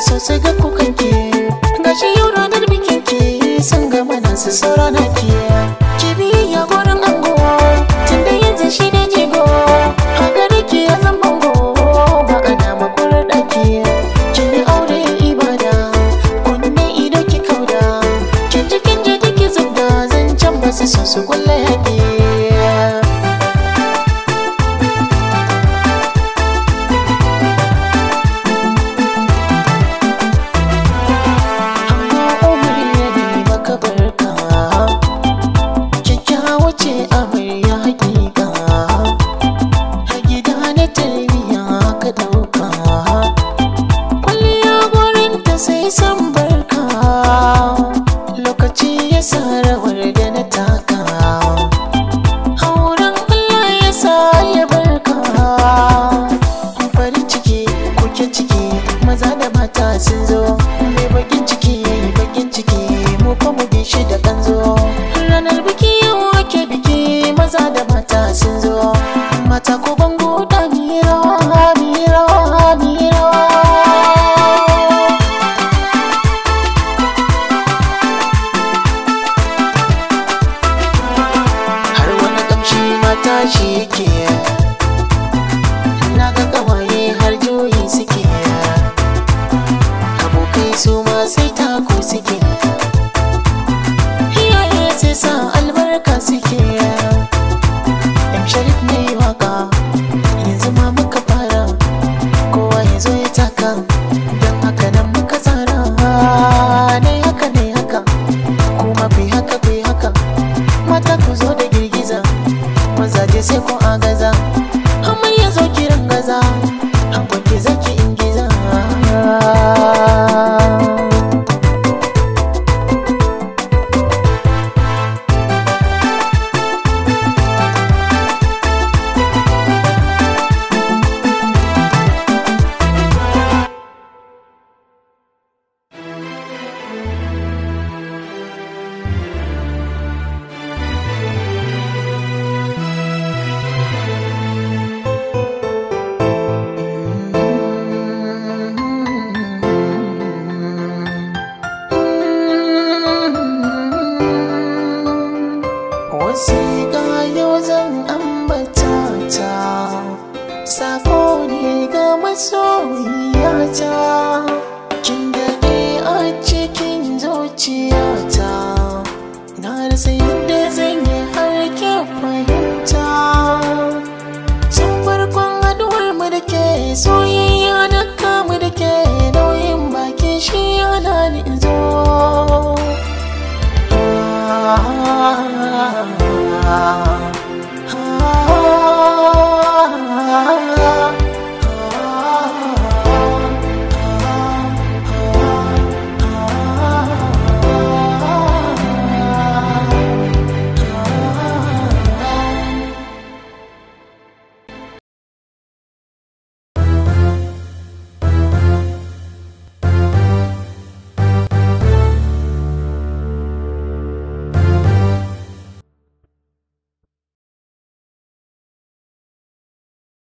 sai so su ga kukanki gashi yau ranar bikinki sun ga mana su saurana ki Mata sun zo mai bakin ciki bakin ciki mu kuma mu bi shi da ranar biki yau ake biki maza da mata sun zo mata ko bango da mi rawa mi har wani kamshi mata shi a gaza Hamayya zo kiran gaza wasiƙa yau zan ambata ta sako ne ga masoyi